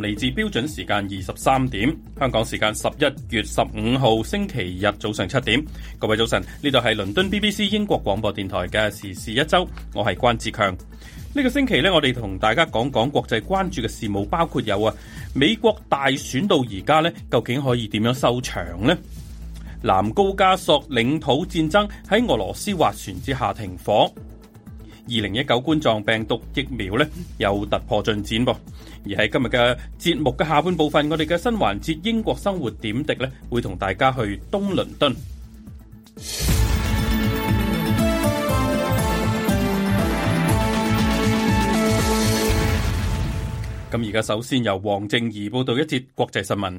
嚟自標準時間二十三點，香港時間十一月十五號星期日早上七點。各位早晨，呢度係倫敦 BBC 英國廣播電台嘅《時事一周》，我係關志強。呢個星期呢，我哋同大家講講國際關注嘅事務，包括有啊，美國大選到而家呢，究竟可以點樣收場呢？南高加索領土戰爭喺俄羅斯斡旋之下停火。二零一九冠狀病毒疫苗咧有突破進展噃，而喺今日嘅節目嘅下半部分，我哋嘅新環節《英國生活點滴》咧，會同大家去東倫敦。咁而家首先由黃靜怡報道一節國際新聞。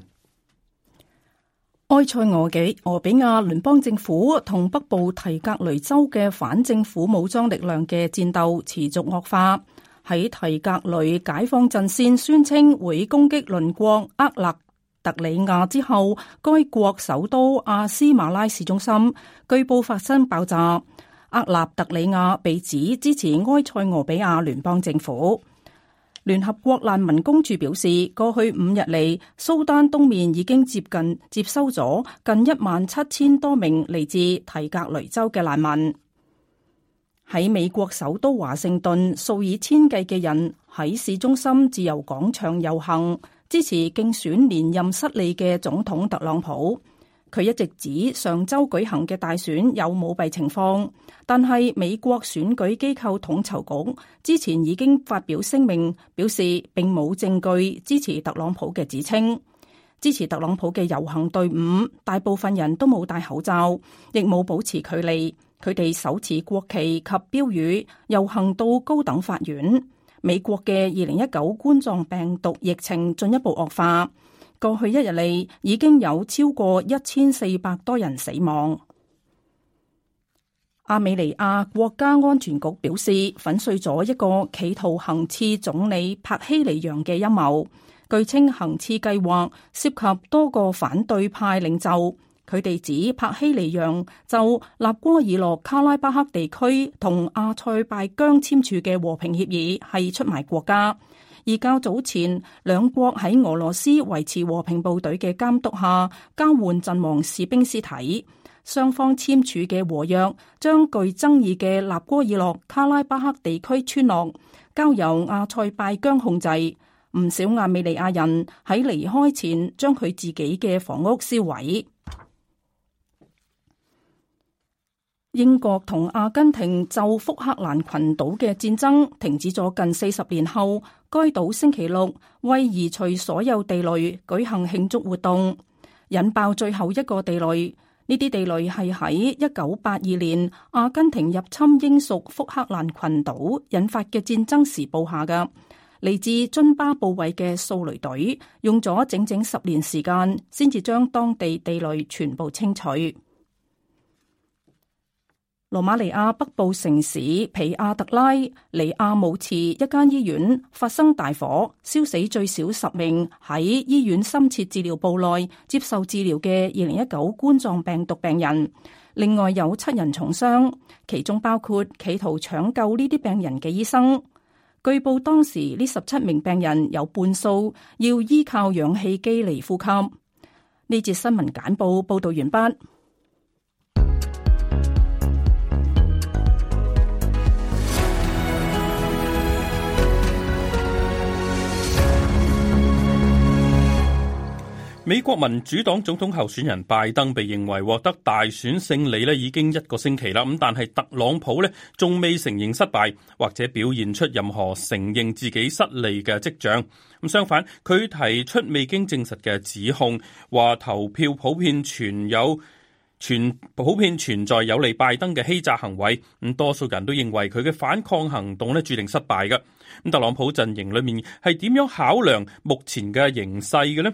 埃塞俄幾俄比亞聯邦政府同北部提格雷州嘅反政府武裝力量嘅戰鬥持續惡化。喺提格雷解放陣線宣稱會攻擊鄰國厄立特里亞之後，該國首都阿斯馬拉市中心據報發生爆炸。厄立特里亞被指支持埃塞俄比亞聯邦政府。聯合國難民公署表示，過去五日嚟，蘇丹東面已經接近接收咗近一萬七千多名嚟自提格雷州嘅難民。喺美國首都華盛頓，數以千計嘅人喺市中心自由廣場遊行，支持競選連任失利嘅總統特朗普。佢一直指上周舉行嘅大選有舞弊情況，但係美國選舉機構統籌局之前已經發表聲明，表示並冇證據支持特朗普嘅指稱。支持特朗普嘅遊行隊伍，大部分人都冇戴口罩，亦冇保持距離。佢哋手持國旗及標語遊行到高等法院。美國嘅二零一九冠狀病毒疫情進一步惡化。過去一日嚟，已經有超過一千四百多人死亡。亞美尼亞國家安全局表示，粉碎咗一個企圖行刺總理帕希尼揚嘅陰謀。據稱，行刺計劃涉及多個反對派領袖。佢哋指，帕希尼揚就納戈爾諾卡拉巴克地區同阿塞拜疆簽署嘅和平協議係出賣國家。而較早前，兩國喺俄羅斯維持和平部隊嘅監督下交換陣亡士兵屍體，雙方簽署嘅和約將具爭議嘅納戈爾諾卡拉巴克地區村落交由阿塞拜疆控制。唔少亞美尼亞人喺離開前將佢自己嘅房屋燒毀。英國同阿根廷就福克蘭群島嘅戰爭停止咗近四十年後。該島星期六為移除所有地雷舉行慶祝活動，引爆最後一個地雷。呢啲地雷係喺一九八二年阿根廷入侵英屬福克蘭群島引發嘅戰爭時布下嘅。嚟自津巴布韋嘅掃雷隊用咗整整十年時間，先至將當地地雷全部清除。羅馬尼亞北部城市皮阿特拉尼亞姆茨，一間醫院發生大火，燒死最少十名喺醫院深切治療部內接受治療嘅二零一九冠狀病毒病人，另外有七人重傷，其中包括企圖搶救呢啲病人嘅醫生。據報當時呢十七名病人有半數要依靠氧氣機嚟呼吸。呢節新聞簡報報道完畢。美國民主黨總統候選人拜登被認為獲得大選勝利咧，已經一個星期啦。咁但係特朗普咧仲未承認失敗，或者表現出任何承認自己失利嘅跡象。咁相反，佢提出未經證實嘅指控，話投票普遍存有，存普遍存在有利拜登嘅欺詐行為。咁多數人都認為佢嘅反抗行動咧注定失敗嘅。咁特朗普陣營裏面係點樣考量目前嘅形勢嘅咧？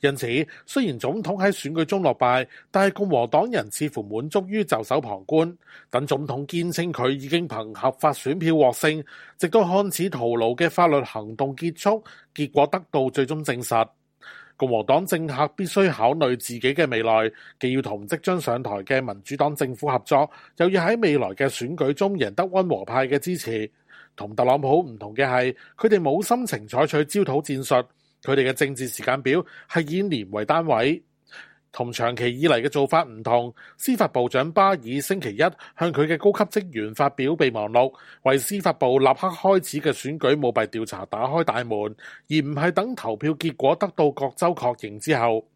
因此，雖然總統喺選舉中落敗，但係共和黨人似乎滿足於袖手旁觀，等總統堅稱佢已經憑合法選票獲勝，直到看似徒勞嘅法律行動結束，結果得到最終證實。共和黨政客必須考慮自己嘅未來，既要同即將上台嘅民主黨政府合作，又要喺未來嘅選舉中贏得溫和派嘅支持。同特朗普唔同嘅係，佢哋冇心情採取焦土戰術。佢哋嘅政治時間表係以年為單位，同長期以嚟嘅做法唔同。司法部長巴爾星期一向佢嘅高級職員發表備忘錄，為司法部立刻開始嘅選舉舞弊調查打開大門，而唔係等投票結果得到各州確認之後。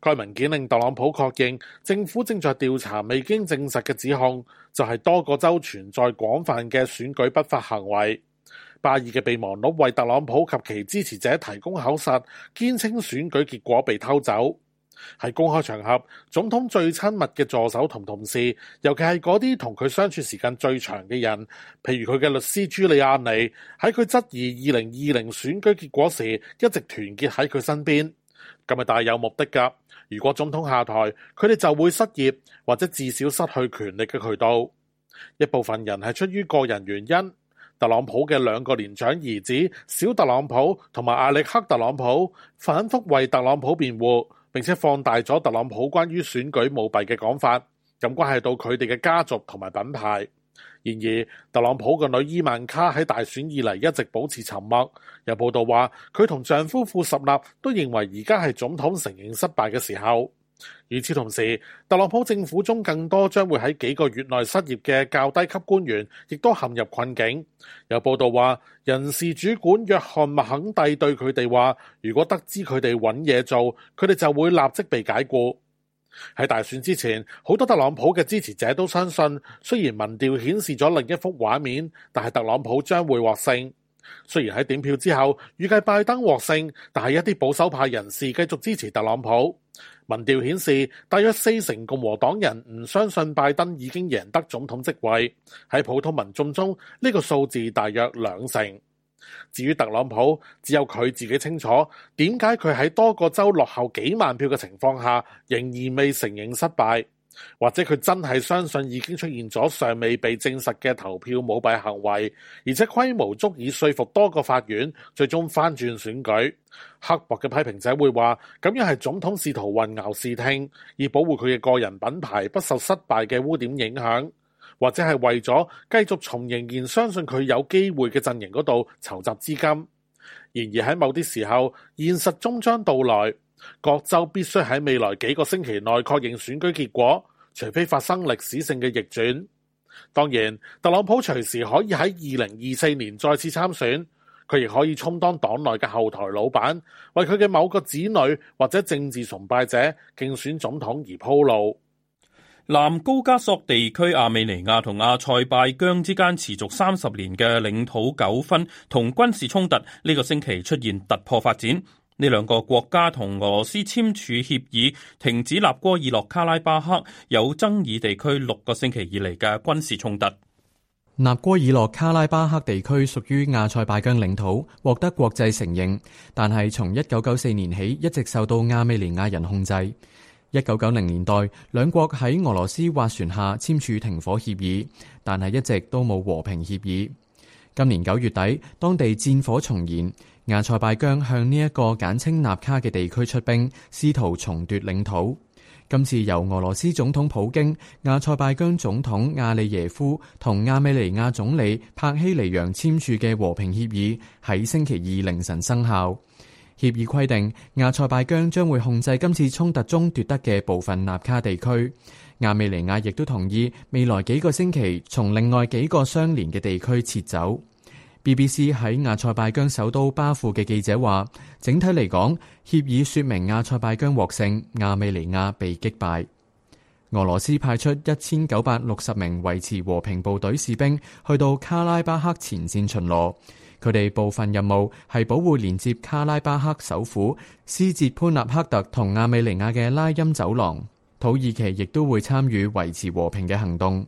該文件令特朗普確認，政府正在調查未經證實嘅指控，就係多個州存在廣泛嘅選舉不法行為。巴爾嘅備忘錄為特朗普及其支持者提供口實，堅稱選舉結果被偷走。喺公開場合，總統最親密嘅助手同同事，尤其係嗰啲同佢相處時間最長嘅人，譬如佢嘅律師朱利亞尼，喺佢質疑二零二零選舉結果時，一直團結喺佢身邊。咁係大有目的噶。如果總統下台，佢哋就會失業，或者至少失去權力嘅渠道。一部分人係出於個人原因。特朗普嘅兩個年長兒子小特朗普同埋阿力克特朗普，反覆為特朗普辯護，並且放大咗特朗普關於選舉舞弊嘅講法，咁關係到佢哋嘅家族同埋品牌。然而，特朗普個女伊萬卡喺大選以嚟一直保持沉默。有報道話，佢同丈夫庫什納都認為而家係總統承認失敗嘅時候。與此同時，特朗普政府中更多將會喺幾個月內失業嘅較低級官員，亦都陷入困境。有報道話，人事主管約翰麥肯帝對佢哋話：如果得知佢哋揾嘢做，佢哋就會立即被解僱。喺大選之前，好多特朗普嘅支持者都相信，雖然民調顯示咗另一幅畫面，但係特朗普將會獲勝。雖然喺點票之後預計拜登獲勝，但係一啲保守派人士繼續支持特朗普。民調顯示，大約四成共和黨人唔相信拜登已經贏得總統職位，喺普通民眾中呢個數字大約兩成。至於特朗普，只有佢自己清楚點解佢喺多個州落後幾萬票嘅情況下，仍然未承認失敗。或者佢真係相信已經出現咗尚未被證實嘅投票舞弊行為，而且規模足以說服多個法院最終翻轉選舉。刻薄嘅批評者會話，咁樣係總統試圖混淆視聽，以保護佢嘅個人品牌不受失敗嘅污點影響，或者係為咗繼續從仍然相信佢有機會嘅陣營嗰度籌集資金。然而喺某啲時候，現實終將到來。各州必須喺未來幾個星期內確認選舉結果，除非發生歷史性嘅逆轉。當然，特朗普隨時可以喺二零二四年再次參選，佢亦可以充當黨內嘅後台老闆，為佢嘅某個子女或者政治崇拜者競選總統而鋪路。南高加索地區阿美尼亞同亞塞拜疆之間持續三十年嘅領土糾紛同軍事衝突，呢個星期出現突破發展。呢兩個國家同俄羅斯簽署協議，停止納戈爾諾卡拉巴克有爭議地區六個星期以嚟嘅軍事衝突。納戈爾諾卡拉巴克地區屬於亞塞拜疆領土，獲得國際承認，但係從一九九四年起一直受到亞美尼亞人控制。一九九零年代，兩國喺俄羅斯斡船斡旋下簽署停火協議，但係一直都冇和平協議。今年九月底，當地戰火重燃，亞塞拜疆向呢一個簡稱納卡嘅地區出兵，試圖重奪領土。今次由俄羅斯總統普京、亞塞拜疆總統亞利耶夫同亞美尼亞總理帕希尼揚簽署嘅和平協議喺星期二凌晨生效。協議規定，亞塞拜疆將會控制今次衝突中奪得嘅部分納卡地區。亞美尼亞亦都同意未來幾個星期從另外幾個相連嘅地區撤走。BBC 喺亞塞拜疆首都巴庫嘅記者話，整體嚟講，協議說明亞塞拜疆獲勝，亞美尼亞被擊敗。俄羅斯派出一千九百六十名維持和平部隊士兵去到卡拉巴克前線巡邏，佢哋部分任務係保護連接卡拉巴克首府斯捷潘納克特同亞美尼亞嘅拉音走廊。土耳其亦都會參與維持和平嘅行動。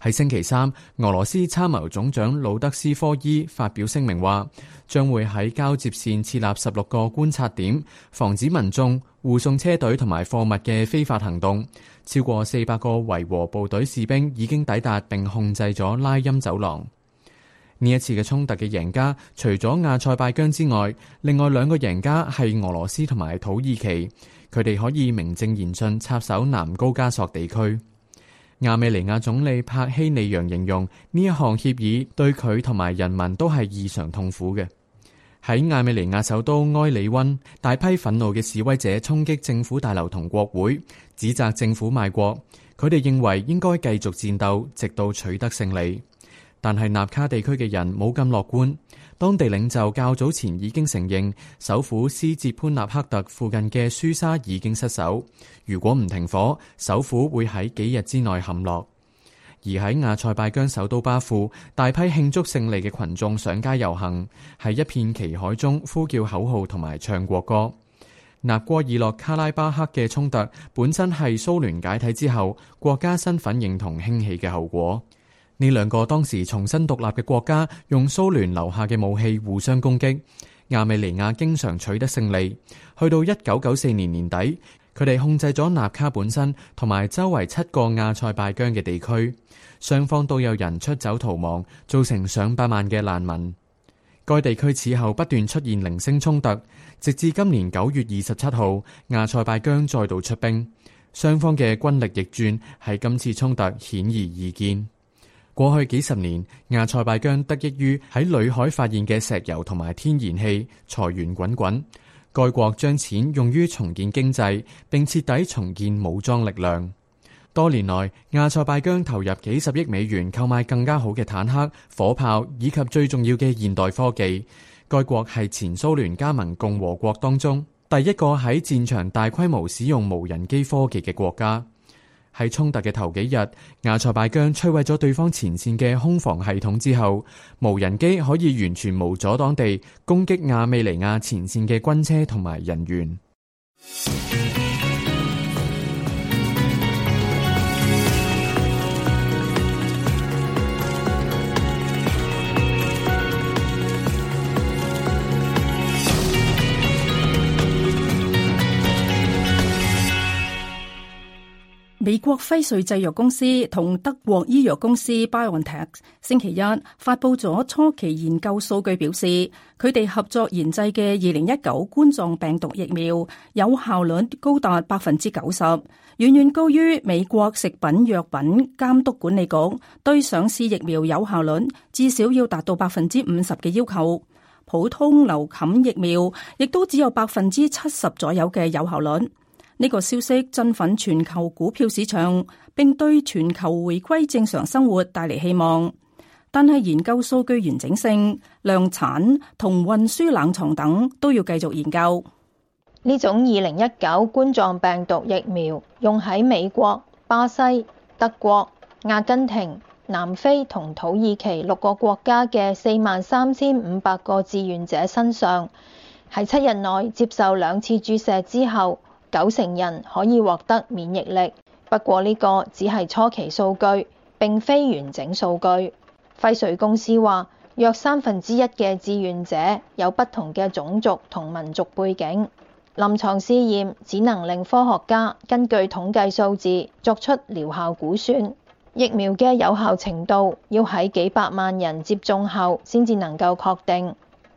喺星期三，俄羅斯參謀總長魯德斯科伊發表聲明話，將會喺交接線設立十六個觀察點，防止民眾護送車隊同埋貨物嘅非法行動。超過四百個維和部隊士兵已經抵達並控制咗拉欽走廊。呢一次嘅衝突嘅贏家，除咗亞塞拜疆之外，另外兩個贏家係俄羅斯同埋土耳其。佢哋可以名正言順插手南高加索地區。亞美尼亞總理帕希尼揚形容呢一項協議對佢同埋人民都係異常痛苦嘅。喺亞美尼亞首都埃里溫，大批憤怒嘅示威者衝擊政府大樓同國會，指責政府賣國。佢哋認為應該繼續戰鬥，直到取得勝利。但係納卡地區嘅人冇咁樂觀。當地領袖較早前已經承認，首府斯捷潘納克特附近嘅舒莎已經失守。如果唔停火，首府會喺幾日之內陷落。而喺亞塞拜疆首都巴庫，大批慶祝勝利嘅群眾上街遊行，喺一片旗海中呼叫口號同埋唱國歌。納戈爾諾卡拉巴克嘅衝突本身係蘇聯解體之後國家身份認同興起嘅後果。呢兩個當時重新獨立嘅國家用蘇聯留下嘅武器互相攻擊。亞美尼亞經常取得勝利，去到一九九四年年底，佢哋控制咗納卡本身同埋周圍七個亞塞拜疆嘅地區。雙方都有人出走逃亡，造成上百萬嘅難民。該地區此後不斷出現零星衝突，直至今年九月二十七號，亞塞拜疆再度出兵，雙方嘅軍力逆轉，喺今次衝突顯而易見。過去幾十年，阿塞拜疆得益於喺裏海發現嘅石油同埋天然氣，財源滾滾。該國將錢用於重建經濟，並徹底重建武裝力量。多年來，阿塞拜疆投入幾十億美元購買更加好嘅坦克、火炮，以及最重要嘅現代科技。該國係前蘇聯加盟共和國當中第一個喺戰場大規模使用無人機科技嘅國家。喺衝突嘅頭幾日，亞塞拜疆摧毀咗對方前線嘅空防系統之後，無人機可以完全無阻擋地攻擊亞美尼亞前線嘅軍車同埋人員。美國輝瑞製藥公司同德國醫藥公司 BioNTech 星期一發佈咗初期研究數據，表示佢哋合作研製嘅二零一九冠狀病毒疫苗有效率高達百分之九十，遠遠高於美國食品藥品監督管理局對上市疫苗有效率至少要達到百分之五十嘅要求。普通流感疫苗亦都只有百分之七十左右嘅有效率。呢個消息振奮全球股票市場，並對全球回歸正常生活帶嚟希望。但係研究數據完整性、量產同運輸冷藏等都要繼續研究。呢種二零一九冠狀病毒疫苗用喺美國、巴西、德國、阿根廷、南非同土耳其六個國家嘅四萬三千五百個志願者身上，喺七日內接受兩次注射之後，九成人可以獲得免疫力，不過呢個只係初期數據，並非完整數據。輝瑞公司話，約三分之一嘅志願者有不同嘅種族同民族背景。臨床試驗只能令科學家根據統計數字作出療效估算，疫苗嘅有效程度要喺幾百萬人接種後先至能夠確定。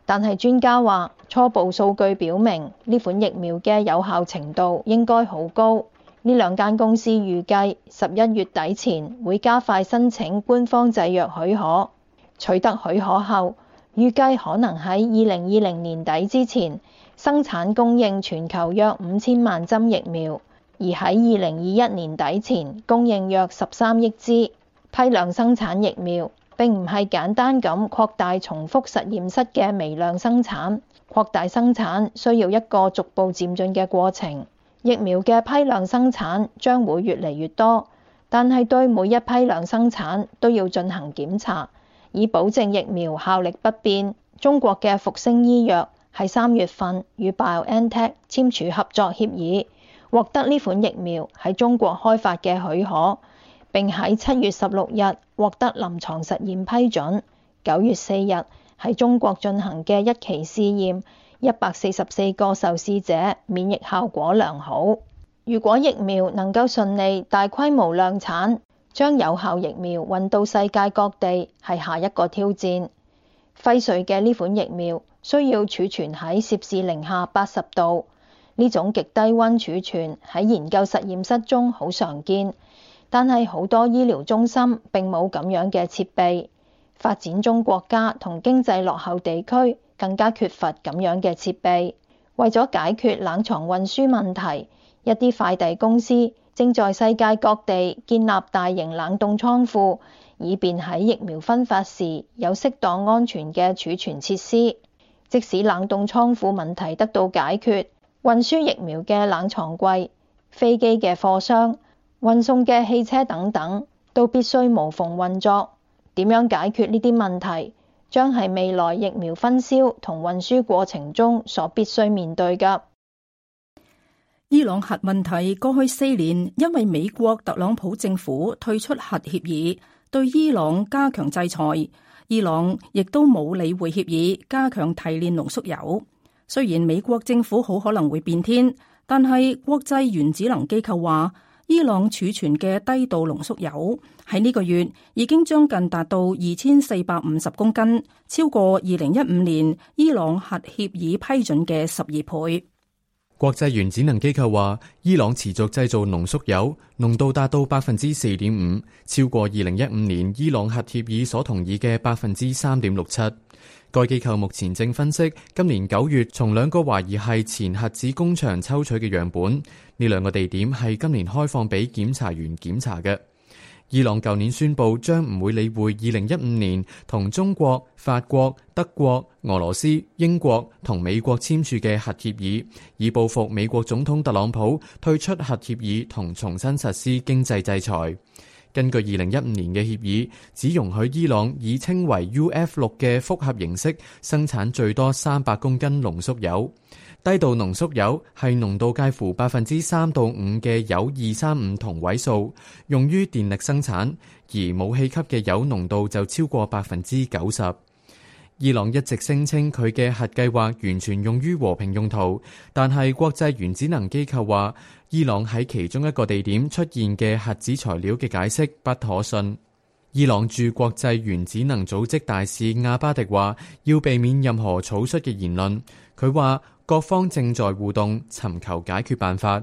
但係專家話，初步數據表明，呢款疫苗嘅有效程度應該好高。呢兩間公司預計十一月底前會加快申請官方製藥許可。取得許可後，預計可能喺二零二零年底之前生產供應全球約五千萬針疫苗，而喺二零二一年底前供應約十三億支批量生產疫苗。並唔係簡單咁擴大重複實驗室嘅微量生產，擴大生產需要一個逐步漸進嘅過程。疫苗嘅批量生產將會越嚟越多，但係對每一批量生產都要進行檢查，以保證疫苗效力不變。中國嘅復星醫藥喺三月份與 BioNTech 簽署合作協議，獲得呢款疫苗喺中國開發嘅許可。並喺七月十六日獲得臨床實驗批准。九月四日喺中國進行嘅一期試驗，一百四十四個受試者免疫效果良好。如果疫苗能夠順利大規模量產，將有效疫苗運到世界各地，係下一個挑戰。輝瑞嘅呢款疫苗需要儲存喺攝氏零下八十度，呢種極低温儲存喺研究實驗室中好常見。但係好多醫療中心並冇咁樣嘅設備，發展中國家同經濟落後地區更加缺乏咁樣嘅設備。為咗解決冷藏運輸問題，一啲快遞公司正在世界各地建立大型冷凍倉庫，以便喺疫苗分發時有適當安全嘅儲存設施。即使冷凍倉庫問題得到解決，運輸疫苗嘅冷藏櫃、飛機嘅貨箱。運送嘅汽車等等都必須無縫運作。點樣解決呢啲問題，將係未來疫苗分銷同運輸過程中所必須面對嘅。伊朗核問題，過去四年，因為美國特朗普政府退出核協議，對伊朗加強制裁，伊朗亦都冇理會協議，加強提煉濃縮鈾。雖然美國政府好可能會變天，但係國際原子能機構話。伊朗儲存嘅低度濃縮鈾喺呢個月已經將近達到二千四百五十公斤，超過二零一五年伊朗核協議批准嘅十二倍。國際原子能機構話，伊朗持續製造濃縮鈾，濃度達到百分之四點五，超過二零一五年伊朗核協議所同意嘅百分之三點六七。該機構目前正分析今年九月從兩個懷疑係前核子工場抽取嘅樣本，呢兩個地點係今年開放俾檢查員檢查嘅。伊朗舊年宣布將唔會理會二零一五年同中國、法國、德國、俄羅斯、英國同美國簽署嘅核協議，以報復美國總統特朗普退出核協議同重新實施經濟制裁。根據二零一五年嘅協議，只容許伊朗以稱為 U.F. 六嘅複合形式生產最多三百公斤濃縮鈾。低度濃縮鈾係濃度介乎百分之三到五嘅鈾二三五同位素，用於電力生產；而武器級嘅鈾濃度就超過百分之九十。伊朗一直聲稱佢嘅核計劃完全用於和平用途，但係國際原子能機構話，伊朗喺其中一個地點出現嘅核子材料嘅解釋不可信。伊朗駐國際原子能組織大使亞巴迪話：要避免任何草率嘅言論。佢話各方正在互動，尋求解決辦法。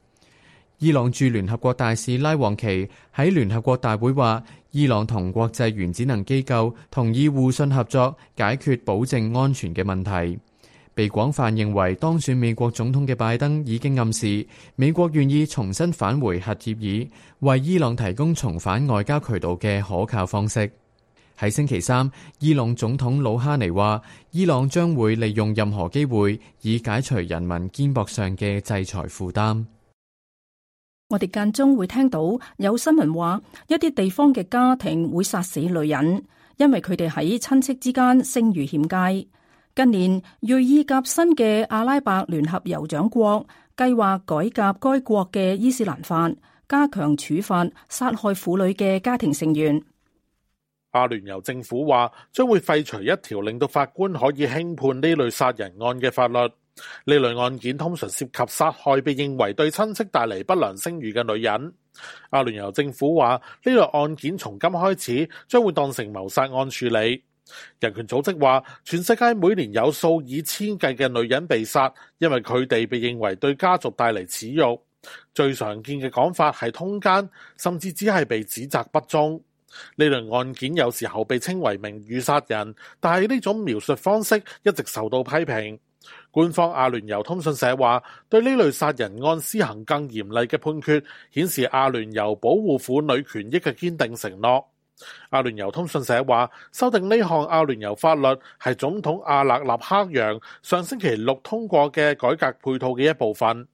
伊朗駐聯合國大使拉旺奇喺聯合國大會話，伊朗同國際原子能機構同意互信合作，解決保證安全嘅問題。被廣泛認為當選美國總統嘅拜登已經暗示，美國願意重新返回核協議，為伊朗提供重返外交渠道嘅可靠方式。喺星期三，伊朗總統魯哈尼話，伊朗將會利用任何機會以解除人民肩膊上嘅制裁負擔。我哋間中會聽到有新聞話，一啲地方嘅家庭會殺死女人，因為佢哋喺親戚之間聲譽欠佳。近年，銳意夾新嘅阿拉伯聯合酋長國計劃改革該國嘅伊斯蘭法，加強處罰殺害婦女嘅家庭成員。阿聯酋政府話將會廢除一條令到法官可以輕判呢類殺人案嘅法律。呢類案件通常涉及殺害被認為對親戚帶嚟不良聲譽嘅女人。阿聯酋政府話，呢類案件從今開始將會當成謀殺案處理。人權組織話，全世界每年有數以千計嘅女人被殺，因為佢哋被認為對家族帶嚟恥辱。最常見嘅講法係通奸，甚至只係被指責不忠。呢類案件有時候被稱為名譽殺人，但係呢種描述方式一直受到批評。官方阿聯酋通訊社話，對呢類殺人案施行更嚴厲嘅判決，顯示阿聯酋保護婦女權益嘅堅定承諾。阿聯酋通訊社話，修訂呢項阿聯酋法律係總統阿勒納克揚上星期六通過嘅改革配套嘅一部分。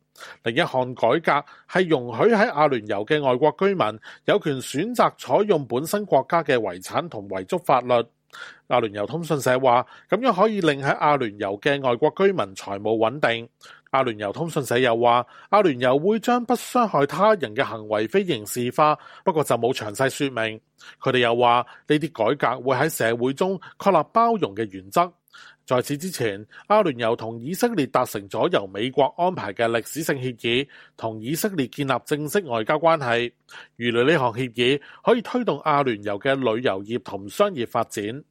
另一項改革係容許喺阿聯酋嘅外國居民有權選擇採用本身國家嘅遺產同遺囑法律。阿聯酋通訊社話，咁樣可以令喺阿聯酋嘅外國居民財務穩定。阿聯酋通訊社又話，阿聯酋會將不傷害他人嘅行為非刑事化，不過就冇詳細說明。佢哋又話呢啲改革會喺社會中確立包容嘅原則。在此之前，阿聯酋同以色列達成咗由美國安排嘅歷史性協議，同以色列建立正式外交關係。預料呢項協議可以推動阿聯酋嘅旅遊業同商業發展。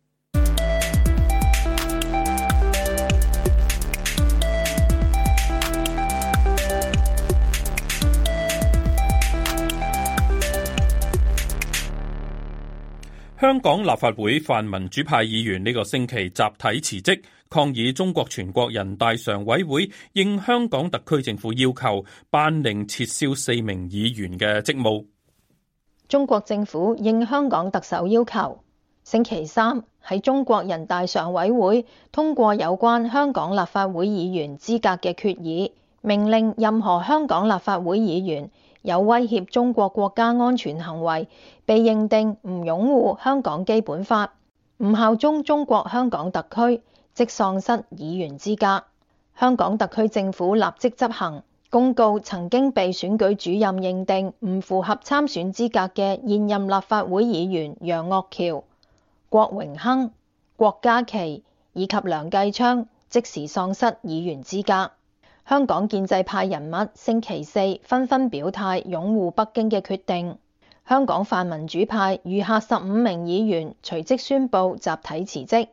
香港立法會泛民主派議員呢個星期集體辭職，抗議中國全國人大常委會應香港特區政府要求頒令撤銷四名議員嘅職務。中國政府應香港特首要求，星期三喺中國人大常委會通過有關香港立法會議員資格嘅決議，命令任何香港立法會議員，有威脅中國國家安全行為，被認定唔擁護香港基本法、唔效忠中國香港特區，即喪失議員資格。香港特區政府立即執行公告，曾經被選舉主任認定唔符合參選資格嘅現任立法會議員楊岳橋、郭榮鏗、郭家麒以及梁繼昌，即時喪失議員資格。香港建制派人物星期四紛紛表態擁護北京嘅決定，香港泛民主派餘下十五名議員隨即宣布集體辭職。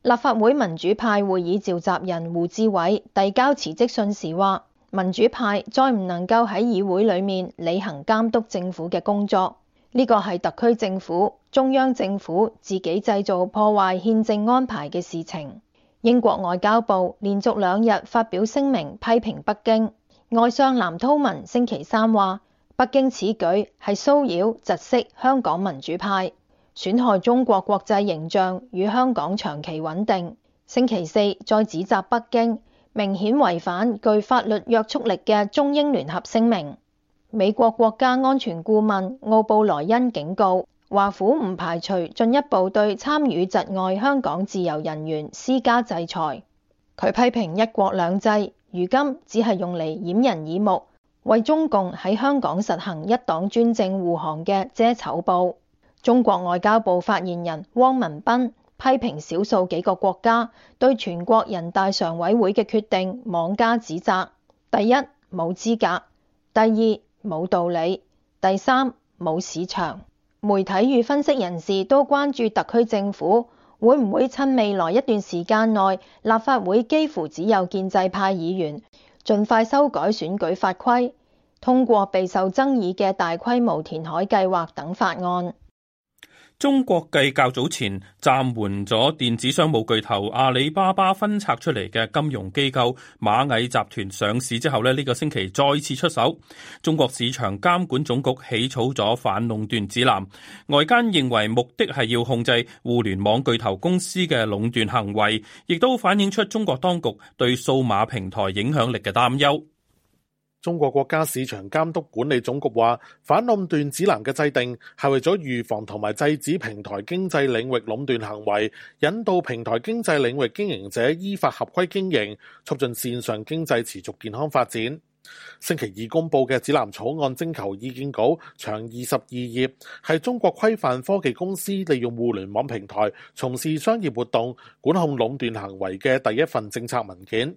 立法會民主派會議召集人胡志偉遞交辭職信時話：民主派再唔能夠喺議會裏面履行監督政府嘅工作，呢個係特區政府、中央政府自己製造破壞憲政安排嘅事情。英國外交部連續兩日發表聲明批評北京。外相藍韜文星期三話，北京此舉係騷擾、窒息香港民主派，損害中國國際形象與香港長期穩定。星期四再指責北京明顯違反具法律約束力嘅中英聯合聲明。美國國家安全顧問奧布萊恩警告。華府唔排除進一步對參與窒礙香港自由人員施加制裁。佢批評一國兩制如今只係用嚟掩人耳目，為中共喺香港實行一黨專政護航嘅遮醜布。中國外交部發言人汪文斌批評少數幾個國家對全國人大常委會嘅決定妄加指責：第一，冇資格，第二，冇道理，第三，冇市場。媒體與分析人士都關注特區政府會唔會趁未來一段時間內，立法會幾乎只有建制派議員，盡快修改選舉法規，通過備受爭議嘅大規模填海計劃等法案。中國繼較早前暫緩咗電子商務巨頭阿里巴巴分拆出嚟嘅金融機構螞蟻集團上市之後咧，呢個星期再次出手。中國市場監管總局起草咗反壟斷指南，外間認為目的係要控制互聯網巨頭公司嘅壟斷行為，亦都反映出中國當局對數碼平台影響力嘅擔憂。中國國家市場監督管理總局話，反壟斷指南嘅制定係為咗預防同埋制止平台經濟領域壟斷行為，引導平台經濟領域經營者依法合規經營，促進線上經濟持續健康發展。星期二公布嘅指南草案徵求意見稿長二十二頁，係中國規範科技公司利用互聯網平台從事商業活動、管控壟斷行為嘅第一份政策文件。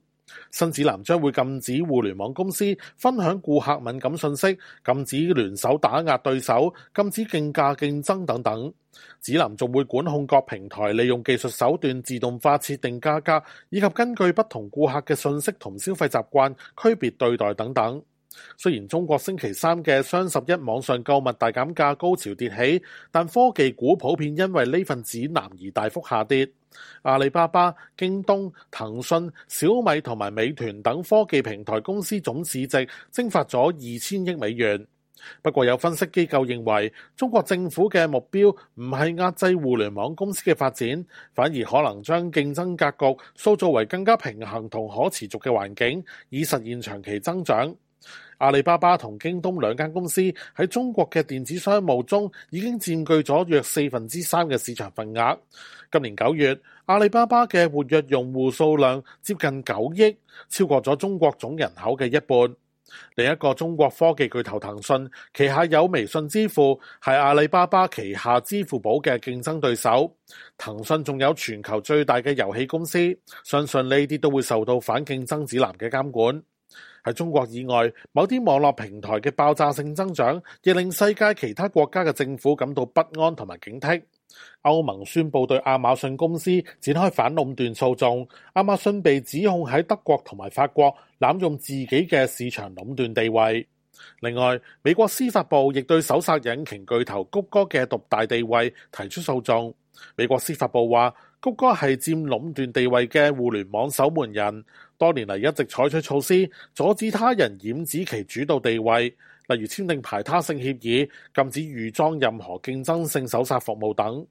新指南將會禁止互聯網公司分享顧客敏感信息，禁止聯手打壓對手，禁止競價競爭等等。指南仲會管控各平台利用技術手段自動化設定價格，以及根據不同顧客嘅信息同消費習慣區別對待等等。雖然中國星期三嘅雙十一網上購物大減價高潮迭起，但科技股普遍因為呢份指南而大幅下跌。阿里巴巴、京東、騰訊、小米同埋美團等科技平台公司總市值蒸發咗二千億美元。不過有分析機構認為，中國政府嘅目標唔係壓制互聯網公司嘅發展，反而可能將競爭格局塑造為更加平衡同可持續嘅環境，以實現長期增長。阿里巴巴同京東兩間公司喺中國嘅電子商務中已經佔據咗約四分之三嘅市場份額。今年九月，阿里巴巴嘅活躍用戶數量接近九億，超過咗中國總人口嘅一半。另一個中國科技巨頭騰訊旗下有微信支付，係阿里巴巴旗下支付寶嘅競爭對手。騰訊仲有全球最大嘅遊戲公司，相信呢啲都會受到反競爭指南嘅監管。喺中國以外，某啲網絡平台嘅爆炸性增長，亦令世界其他國家嘅政府感到不安同埋警惕。歐盟宣布對亞馬遜公司展開反壟斷訴訟，亞馬遜被指控喺德國同埋法國濫用自己嘅市場壟斷地位。另外，美國司法部亦對搜索引擎巨頭谷歌嘅獨大地位提出訴訟。美國司法部話：谷歌係佔壟斷地位嘅互聯網守門人，多年嚟一直採取措施阻止他人染指其主導地位，例如簽訂排他性協議，禁止預裝任何競爭性搜殺服務等。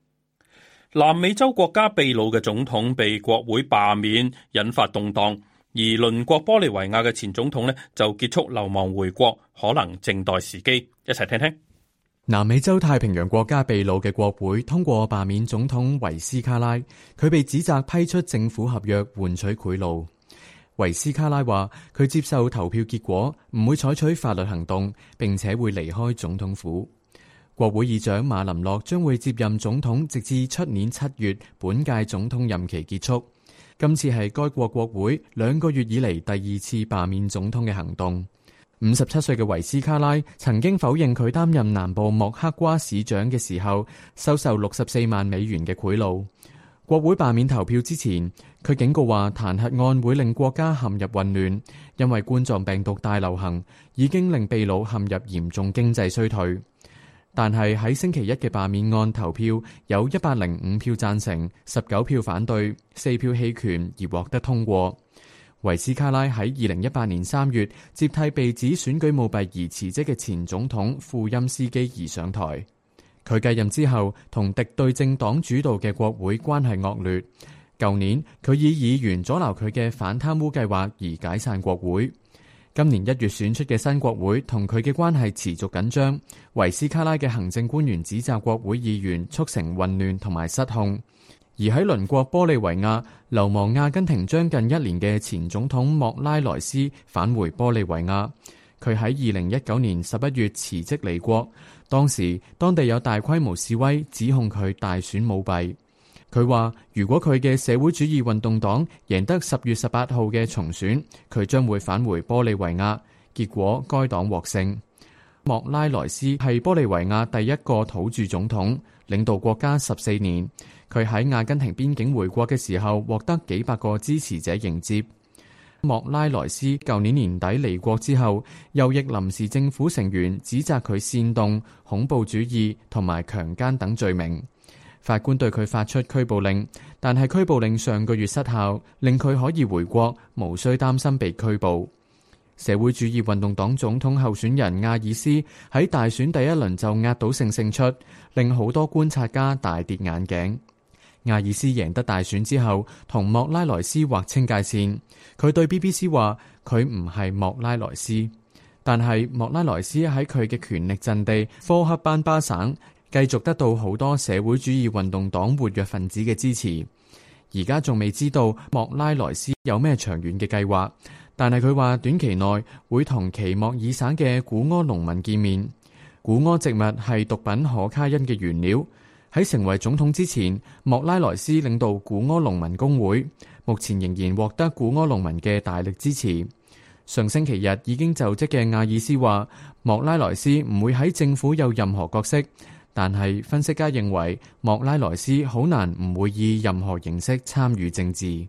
南美洲國家秘魯嘅總統被國會罷免，引發動盪，而鄰國玻利維亞嘅前總統呢，就結束流亡回國，可能靜待時機。一齊聽聽。南美洲太平洋國家秘魯嘅國會通過罷免總統維斯卡拉，佢被指責批出政府合約換取賄賂。維斯卡拉話佢接受投票結果，唔會採取法律行動，並且會離開總統府。國會議長馬林諾將會接任總統，直至出年七月本屆總統任期結束。今次係該國國會兩個月以嚟第二次罷免總統嘅行動。五十七歲嘅維斯卡拉曾經否認佢擔任南部莫克瓜市長嘅時候收受六十四萬美元嘅賄賂。國會罷免投票之前，佢警告話彈劾案會令國家陷入混亂，因為冠狀病毒大流行已經令秘魯陷入嚴重經濟衰退。但係喺星期一嘅罷免案投票，有一百零五票贊成，十九票反對，四票棄權而獲得通過。維斯卡拉喺二零一八年三月接替被指選舉舞弊而辭職嘅前總統庫欽斯基而上台。佢繼任之後，同敵對政黨主導嘅國會關係惡劣。舊年，佢以議員阻撓佢嘅反貪污計劃而解散國會。今年一月選出嘅新國會同佢嘅關係持續緊張。維斯卡拉嘅行政官員指責國會議員促成混亂同埋失控。而喺鄰國玻利維亞流亡阿根廷將近一年嘅前總統莫拉萊斯返回玻利維亞。佢喺二零一九年十一月辭職離國，當時當地有大規模示威，指控佢大選舞弊。佢話如果佢嘅社會主義運動黨贏得十月十八號嘅重選，佢將會返回玻利維亞。結果該黨獲勝。莫拉萊斯係玻利維亞第一個土著總統，領導國家十四年。佢喺阿根廷邊境回國嘅時候，獲得幾百個支持者迎接。莫拉萊斯舊年年底離國之後，右翼臨時政府成員，指責佢煽動恐怖主義同埋強姦等罪名。法官對佢發出拘捕令，但係拘捕令上個月失效，令佢可以回國，無需擔心被拘捕。社會主義運動黨總統候選人亞爾斯喺大選第一輪就壓倒性勝出，令好多觀察家大跌眼鏡。亞爾斯贏得大選之後，同莫拉萊斯劃清界線。佢對 BBC 話：佢唔係莫拉萊斯，但係莫拉萊斯喺佢嘅權力陣地科克班巴省，繼續得到好多社會主義運動黨活躍分子嘅支持。而家仲未知道莫拉萊斯有咩長遠嘅計劃，但係佢話短期內會同奇莫爾省嘅古柯農民見面。古柯植物係毒品可卡因嘅原料。喺成為總統之前，莫拉萊斯領導古柯農民工會，目前仍然獲得古柯農民嘅大力支持。上星期日已經就職嘅亞爾斯話：莫拉萊斯唔會喺政府有任何角色，但係分析家認為莫拉萊斯好難唔會以任何形式參與政治。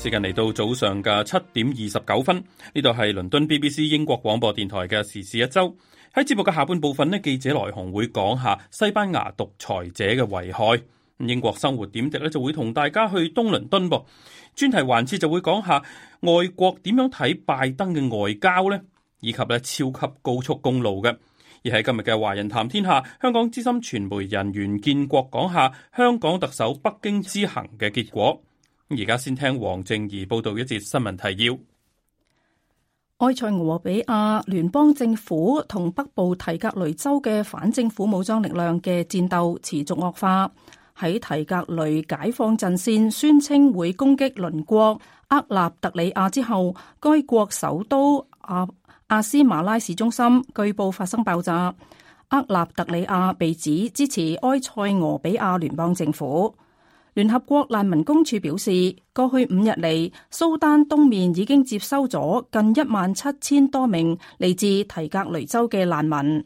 時間嚟到早上嘅七點二十九分，呢度係倫敦 BBC 英國廣播電台嘅時事一周。喺節目嘅下半部分咧，記者來鴻會講下西班牙獨裁者嘅遺害。英國生活點滴咧，就會同大家去東倫敦噃。專題環節就會講下外國點樣睇拜登嘅外交咧，以及咧超級高速公路嘅。而喺今日嘅華人談天下，香港資深傳媒人袁建國講下香港特首北京之行嘅結果。而家先聽黃靜怡報道一節新聞提要。埃塞俄比亞聯邦政府同北部提格雷州嘅反政府武裝力量嘅戰鬥持續惡化。喺提格雷解放陣線宣稱會攻擊鄰國厄納特里亞之後，該國首都阿阿斯馬拉市中心據報發生爆炸。厄納特里亞被指支持埃塞俄比亞聯邦政府。聯合國難民公署表示，過去五日嚟，蘇丹東面已經接收咗近一萬七千多名嚟自提格雷州嘅難民。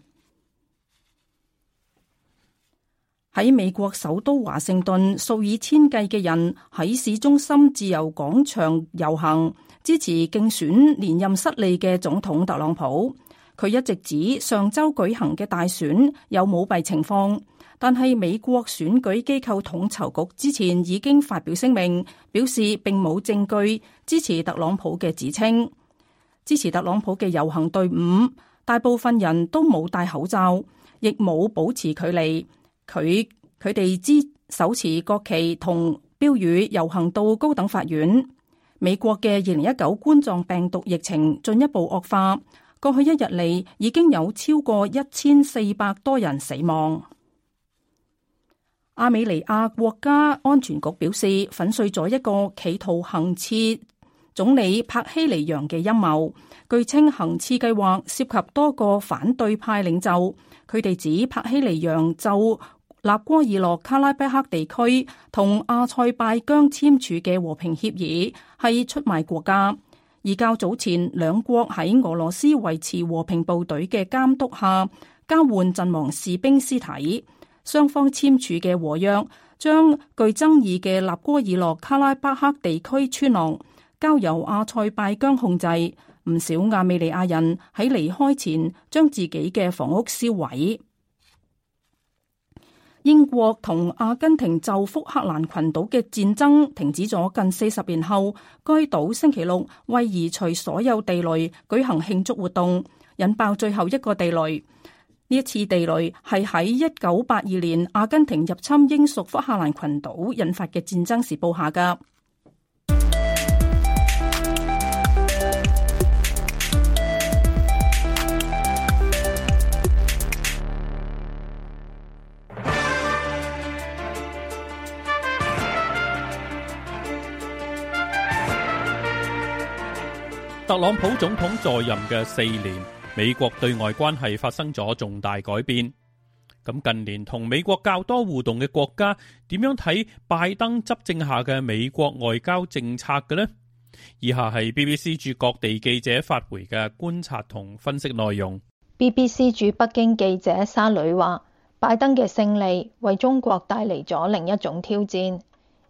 喺美國首都華盛頓，數以千計嘅人喺市中心自由廣場遊行，支持競選連任失利嘅總統特朗普。佢一直指上周舉行嘅大選有舞弊情況。但係，美國選舉機構統籌局之前已經發表聲明，表示並冇證據支持特朗普嘅指稱。支持特朗普嘅遊行隊伍，大部分人都冇戴口罩，亦冇保持距離。佢佢哋之手持國旗同標語遊行到高等法院。美國嘅二零一九冠狀病毒疫情進一步惡化，過去一日嚟已經有超過一千四百多人死亡。阿美尼亞國家安全局表示，粉碎咗一個企圖行刺總理帕希尼揚嘅陰謀。據稱，行刺計劃涉及多個反對派領袖。佢哋指，帕希尼揚就納戈爾諾卡拉巴克地區同阿塞拜疆簽署嘅和平協議係出賣國家。而較早前，兩國喺俄羅斯維持和平部隊嘅監督下，交換陣亡士兵屍體。雙方簽署嘅和約將具爭議嘅納戈爾諾卡拉巴克地區村落交由阿塞拜疆控制，唔少亞美尼亞人喺離開前將自己嘅房屋燒毀。英國同阿根廷就福克蘭群島嘅戰爭停止咗近四十年後，該島星期六為移除所有地雷舉行慶祝活動，引爆最後一個地雷。呢一次地雷係喺一九八二年阿根廷入侵英屬福克蘭群島引發嘅戰爭時布下㗎。特朗普總統在任嘅四年，美國對外關係發生咗重大改變，咁近年同美國較多互動嘅國家點樣睇拜登執政下嘅美國外交政策嘅呢？以下係 BBC 駐各地記者發回嘅觀察同分析內容。BBC 駐北京記者沙磊話：拜登嘅勝利為中國帶嚟咗另一種挑戰。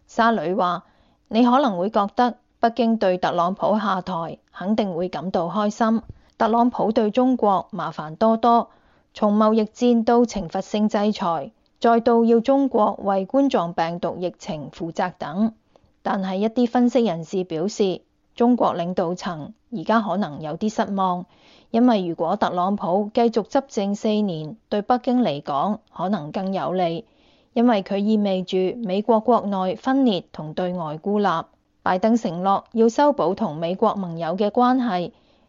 沙磊話：你可能會覺得北京對特朗普下台肯定會感到開心。特朗普對中國麻煩多多，從貿易戰到懲罰性制裁，再到要中國為冠狀病毒疫情負責等。但係一啲分析人士表示，中國領導層而家可能有啲失望，因為如果特朗普繼續執政四年，對北京嚟講可能更有利，因為佢意味住美國國內分裂同對外孤立。拜登承諾要修補同美國盟友嘅關係。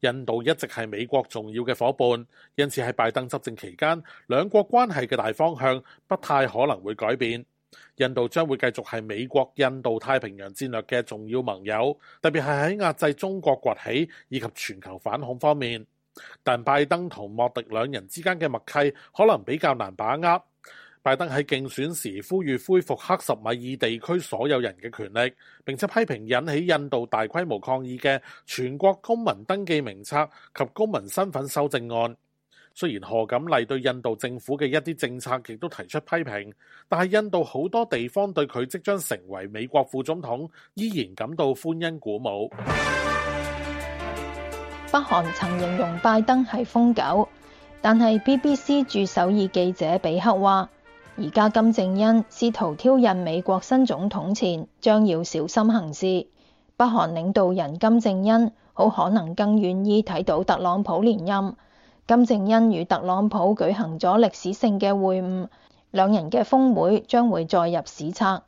印度一直係美國重要嘅夥伴，因此喺拜登執政期間，兩國關係嘅大方向不太可能會改變。印度將會繼續係美國印度太平洋戰略嘅重要盟友，特別係喺壓制中國崛起以及全球反恐方面。但拜登同莫迪兩人之間嘅默契可能比較難把握。拜登喺競選時呼籲恢復克什米爾地區所有人嘅權力，並且批評引起印度大規模抗議嘅全國公民登記名冊及公民身份修正案。雖然賀錦麗對印度政府嘅一啲政策亦都提出批評，但係印度好多地方對佢即將成為美國副總統依然感到歡欣鼓舞。北韓曾形容拜登係瘋狗，但係 BBC 駐首爾記者比克話。而家金正恩試圖挑釁美國新總統前，將要小心行事。北韓領導人金正恩好可能更願意睇到特朗普連任。金正恩與特朗普舉行咗歷史性嘅會晤，兩人嘅峰會將會載入史冊。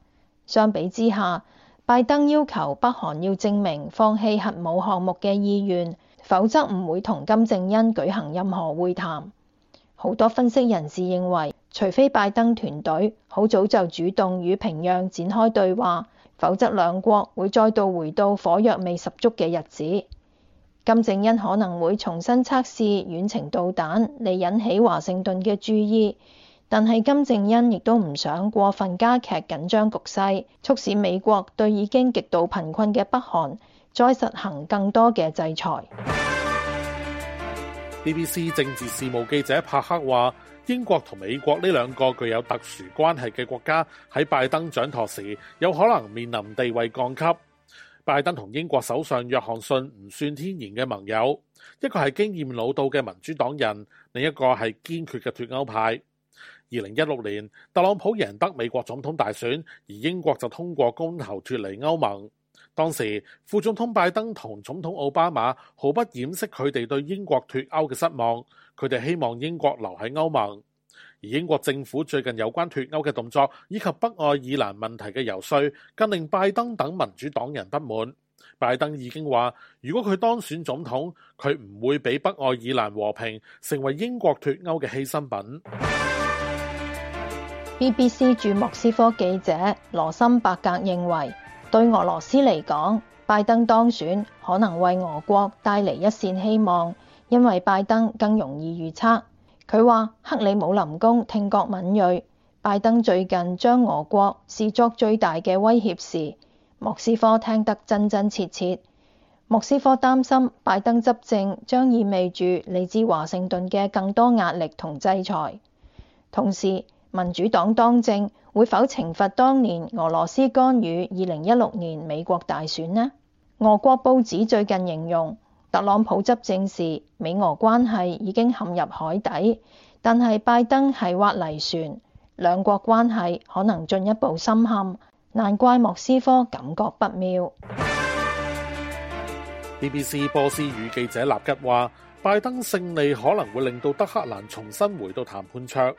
相比之下，拜登要求北韓要證明放棄核武項目嘅意願，否則唔會同金正恩舉行任何會談。好多分析人士認為。除非拜登團隊好早就主動與平壤展開對話，否則兩國會再度回到火藥味十足嘅日子。金正恩可能會重新測試遠程導彈嚟引起華盛頓嘅注意，但係金正恩亦都唔想過分加劇緊張局勢，促使美國對已經極度貧困嘅北韓再實行更多嘅制裁。BBC 政治事務記者帕克話。英國同美國呢兩個具有特殊關係嘅國家喺拜登掌舵時，有可能面臨地位降級。拜登同英國首相約翰遜唔算天然嘅盟友，一個係經驗老到嘅民主黨人，另一個係堅決嘅脱歐派。二零一六年特朗普贏得美國總統大選，而英國就通過公投脱離歐盟。當時副總統拜登同總統奧巴馬毫不掩飾佢哋對英國脱歐嘅失望。佢哋希望英國留喺歐盟，而英國政府最近有關脱歐嘅動作，以及北愛爾蘭問題嘅游説，更令拜登等民主黨人不滿。拜登已經話，如果佢當選總統，佢唔會俾北愛爾蘭和平成為英國脱歐嘅犧牲品。BBC 駐莫斯科記者羅森伯格認為，對俄羅斯嚟講，拜登當選可能為俄國帶嚟一線希望。因為拜登更容易預測，佢話克里姆林宮聽覺敏鋭，拜登最近將俄國視作最大嘅威脅時，莫斯科聽得真真切切。莫斯科擔心拜登執政將意味住嚟自華盛頓嘅更多壓力同制裁，同時民主黨當政會否懲罰當年俄羅斯干預二零一六年美國大選呢？俄國報紙最近形容。特朗普執政時，美俄關係已經陷入海底，但係拜登係挖泥船，兩國關係可能進一步深陷，難怪莫斯科感覺不妙。BBC 波斯語記者納吉話，拜登勝利可能會令到德黑蘭重新回到談判桌。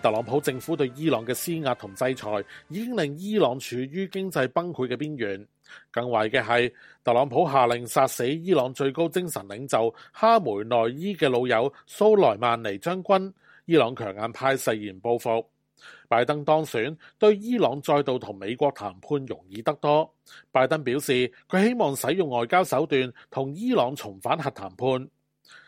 特朗普政府對伊朗嘅施壓同制裁，已經令伊朗處於經濟崩潰嘅邊緣。更壞嘅係，特朗普下令殺死伊朗最高精神領袖哈梅內伊嘅老友蘇萊曼尼將軍，伊朗強硬派誓言報復。拜登當選對伊朗再度同美國談判容易得多。拜登表示，佢希望使用外交手段同伊朗重返核談判。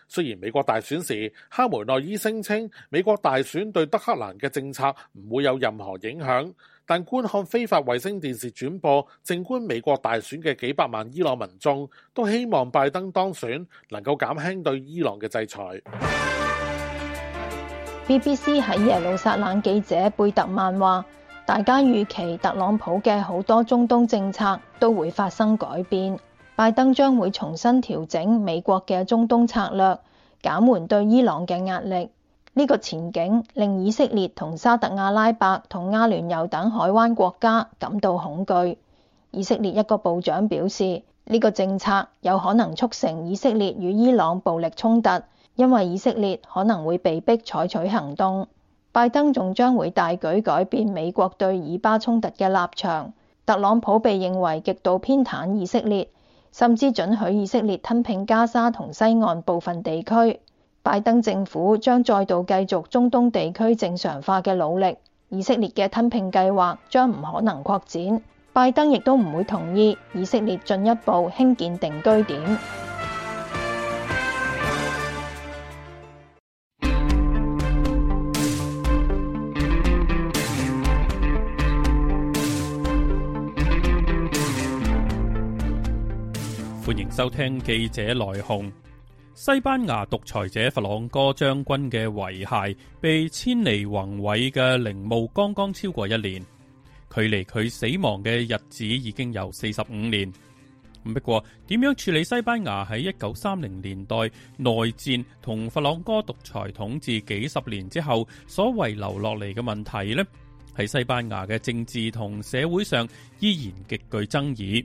雖然美國大選時，哈梅內伊聲稱美國大選對德黑蘭嘅政策唔會有任何影響。但觀看非法衛星電視轉播，靜觀美國大選嘅幾百萬伊朗民眾，都希望拜登當選能夠減輕對伊朗嘅制裁。BBC 喺耶路撒冷記者貝特曼話，大家預期特朗普嘅好多中東政策都會發生改變，拜登將會重新調整美國嘅中東策略，減緩對伊朗嘅壓力。呢個前景令以色列同沙特阿拉伯同阿聯酋等海灣國家感到恐懼。以色列一個部長表示，呢、這個政策有可能促成以色列與伊朗暴力衝突，因為以色列可能會被迫採取行動。拜登仲將會大舉改變美國對以巴衝突嘅立場。特朗普被認為極度偏袒以色列，甚至准許以色列吞併加沙同西岸部分地區。拜登政府將再度繼續中東地區正常化嘅努力，以色列嘅吞併計劃將唔可能擴展，拜登亦都唔會同意以色列進一步興建定居點。歡迎收聽記者來鴻。西班牙獨裁者弗朗哥將軍嘅遺骸被遷離宏偉嘅陵墓，剛剛超過一年，距離佢死亡嘅日子已經有四十五年。不過，點樣處理西班牙喺一九三零年代內戰同弗朗哥獨裁統治幾十年之後所遺留落嚟嘅問題呢？喺西班牙嘅政治同社會上依然極具爭議。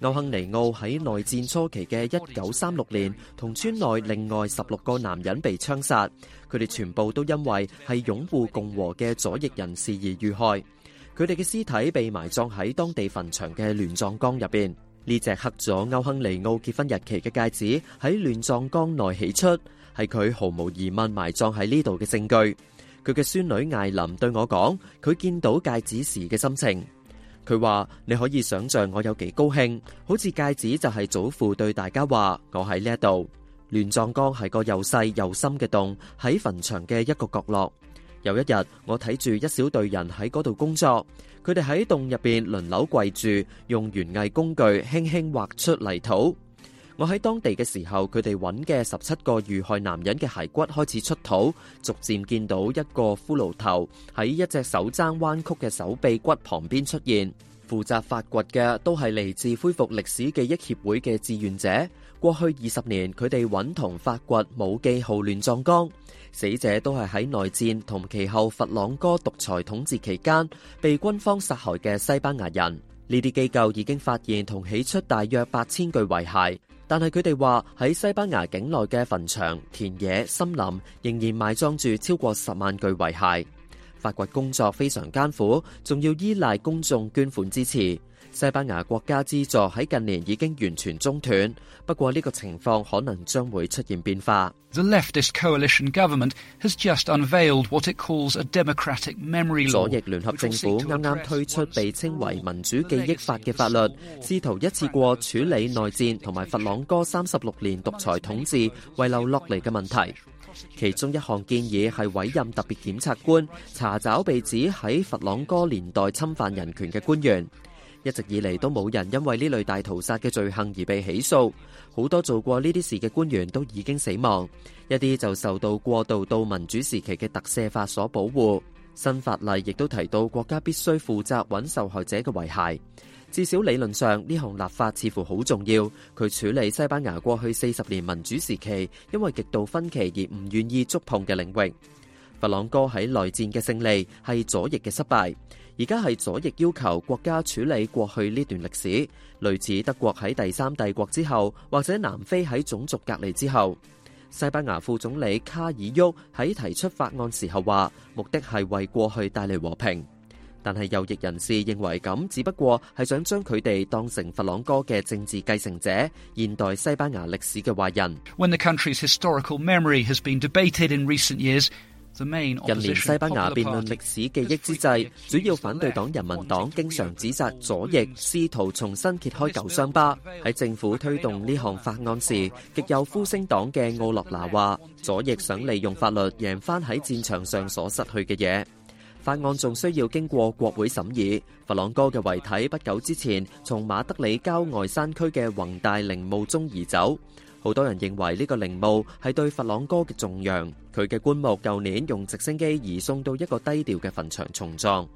歐亨尼奧喺內戰初期嘅一九三六年，同村內另外十六個男人被槍殺，佢哋全部都因為係擁護共和嘅左翼人士而遇害。佢哋嘅屍體被埋葬喺當地墳場嘅亂葬崗入邊。呢隻刻咗歐亨尼奧結婚日期嘅戒指喺亂葬崗內起出，係佢毫無疑問埋葬喺呢度嘅證據。佢嘅孫女艾琳對我講，佢見到戒指時嘅心情。佢話：你可以想像我有幾高興，好似戒指就係祖父對大家話：我喺呢度。亂葬崗係個又細又深嘅洞，喺墳場嘅一個角落。有一日，我睇住一小隊人喺嗰度工作，佢哋喺洞入邊輪流跪住，用園藝工具輕輕畫出泥土。我喺當地嘅時候，佢哋揾嘅十七個遇害男人嘅骸骨開始出土，逐漸見到一個骷髏頭喺一隻手踭彎曲嘅手臂骨旁邊出現。負責發掘嘅都係嚟自恢復歷史記憶協會嘅志願者。過去二十年，佢哋揾同發掘冇記號亂葬崗，死者都係喺內戰同其後佛朗哥獨裁統治期間被軍方殺害嘅西班牙人。呢啲機構已經發現同起出大約八千具遺骸。但係佢哋話，喺西班牙境內嘅墳場、田野、森林，仍然埋葬住超過十萬具遺骸。發掘工作非常艱苦，仲要依賴公眾捐款支持。西班牙國家資助喺近年已經完全中斷，不過呢個情況可能將會出現變化。Law, 左翼聯合政府啱啱推出被稱為民主記憶法嘅法律，試圖一次過處理內戰同埋佛朗哥三十六年獨裁統治遺留落嚟嘅問題。其中一項建議係委任特別檢察官，查找被指喺佛朗哥年代侵犯人權嘅官員。一直以嚟都冇人因為呢類大屠殺嘅罪行而被起訴，好多做過呢啲事嘅官員都已經死亡，一啲就受到過渡到民主時期嘅特赦法所保護。新法例亦都提到國家必須負責揾受害者嘅遺骸，至少理論上呢項立法似乎好重要。佢處理西班牙過去四十年民主時期因為極度分歧而唔願意觸碰嘅領域。弗朗哥喺內戰嘅勝利係左翼嘅失敗。而家係左翼要求國家處理過去呢段歷史，類似德國喺第三帝國之後，或者南非喺種族隔離之後。西班牙副總理卡爾沃喺提出法案時候話，目的係為過去帶嚟和平。但係右翼人士認為咁只不過係想將佢哋當成佛朗哥嘅政治繼承者，現代西班牙歷史嘅壞人。When the 近年西班牙辯論歷史記憶之際，主要反對黨人民黨經常指責左翼試圖重新揭開舊傷疤。喺政府推動呢項法案時，極右呼聲黨嘅奧洛拿話：左翼想利用法律贏翻喺戰場上所失去嘅嘢。法案仲需要經過國會審議。佛朗哥嘅遺體不久之前從馬德里郊外山區嘅宏大陵墓中移走。好多人認為呢個陵墓係對佛朗哥嘅頌揚，佢嘅棺木舊年用直升機移送到一個低調嘅墳場重葬。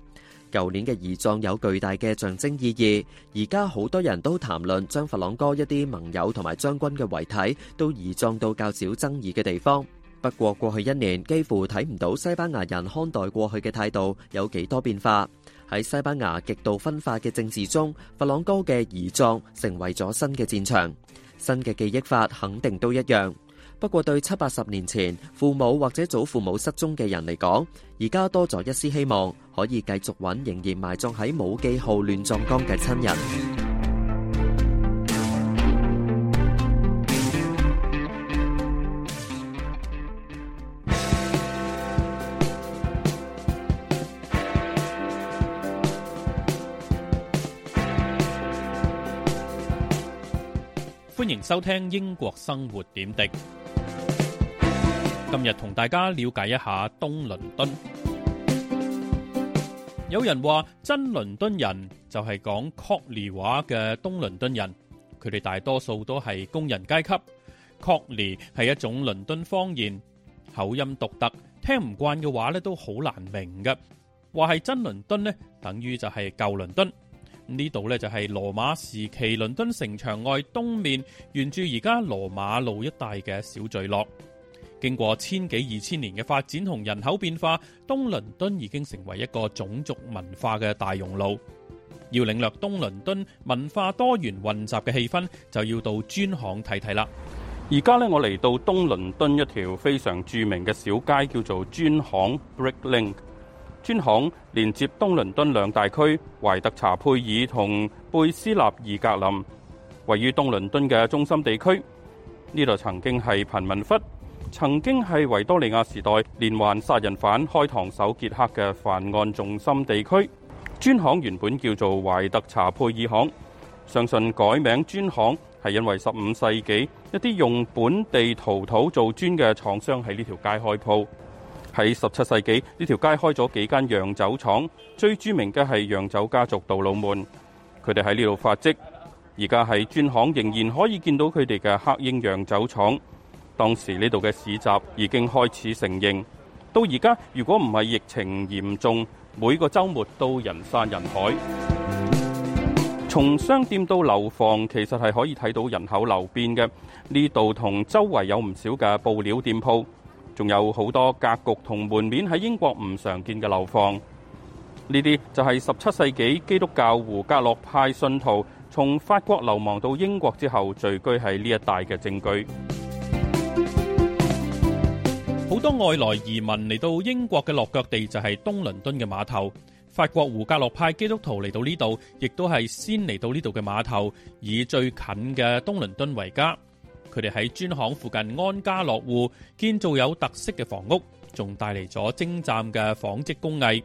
舊年嘅移葬有巨大嘅象徵意義，而家好多人都談論將佛朗哥一啲盟友同埋將軍嘅遺體都移葬到較少爭議嘅地方。不過，過去一年幾乎睇唔到西班牙人看待過去嘅態度有幾多變化。喺西班牙極度分化嘅政治中，佛朗哥嘅移葬成為咗新嘅戰場。新嘅記憶法肯定都一樣，不過對七八十年前父母或者祖父母失蹤嘅人嚟講，而家多咗一絲希望，可以繼續揾仍然埋葬喺冇記號亂葬崗嘅親人。收聽英國生活點滴。今日同大家了解一下東倫敦。有人話真倫敦人就係講柯尼話嘅東倫敦人，佢哋大多數都係工人階級。柯尼係一種倫敦方言，口音獨特，聽唔慣嘅話咧都好難明㗎。話係真倫敦呢，等於就係舊倫敦。呢度呢，就係羅馬時期倫敦城牆外東面沿住而家羅馬路一帶嘅小聚落。經過千幾二千年嘅發展同人口變化，東倫敦已經成為一個種族文化嘅大熔爐。要領略東倫敦文化多元混雜嘅氣氛，就要到磚巷睇睇啦。而家呢，我嚟到東倫敦一條非常著名嘅小街，叫做磚巷 Brick Lane。磚巷連接東倫敦兩大區懷特查佩爾同貝斯納爾格林，位於東倫敦嘅中心地區。呢度曾經係貧民窟，曾經係維多利亞時代連環殺人犯開膛手傑克嘅犯案重心地區。磚巷原本叫做懷特查佩爾巷，相信改名磚巷係因為十五世紀一啲用本地陶土做磚嘅廠商喺呢條街開鋪。喺十七世紀，呢條街開咗幾間洋酒廠，最著名嘅係洋酒家族杜魯門，佢哋喺呢度發跡。而家喺磚巷仍然可以見到佢哋嘅黑鷹洋酒廠。當時呢度嘅市集已經開始成形，到而家如果唔係疫情嚴重，每個周末都人山人海。從商店到樓房，其實係可以睇到人口流變嘅。呢度同周圍有唔少嘅布料店鋪。仲有好多格局同門面喺英國唔常見嘅樓房，呢啲就係十七世紀基督教胡格諾派信徒從法國流亡到英國之後聚居喺呢一帶嘅證據。好多外來移民嚟到英國嘅落腳地就係東倫敦嘅碼頭，法國胡格諾派基督徒嚟到呢度，亦都係先嚟到呢度嘅碼頭，以最近嘅東倫敦為家。佢哋喺磚巷附近安家落戶，建造有特色嘅房屋，仲帶嚟咗精湛嘅紡織工藝。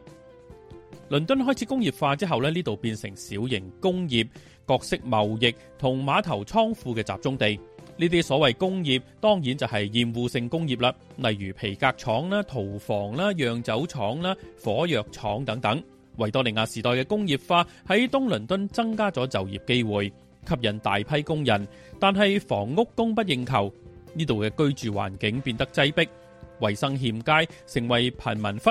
倫敦開始工業化之後咧，呢度變成小型工業、各式貿易同碼頭倉庫嘅集中地。呢啲所謂工業，當然就係厭惡性工業啦，例如皮革廠啦、屠房啦、釀酒廠啦、火藥廠等等。維多利亞時代嘅工業化喺東倫敦增加咗就業機會，吸引大批工人。但係房屋供不應求，呢度嘅居住環境變得擠迫，衞生欠佳，成為貧民窟。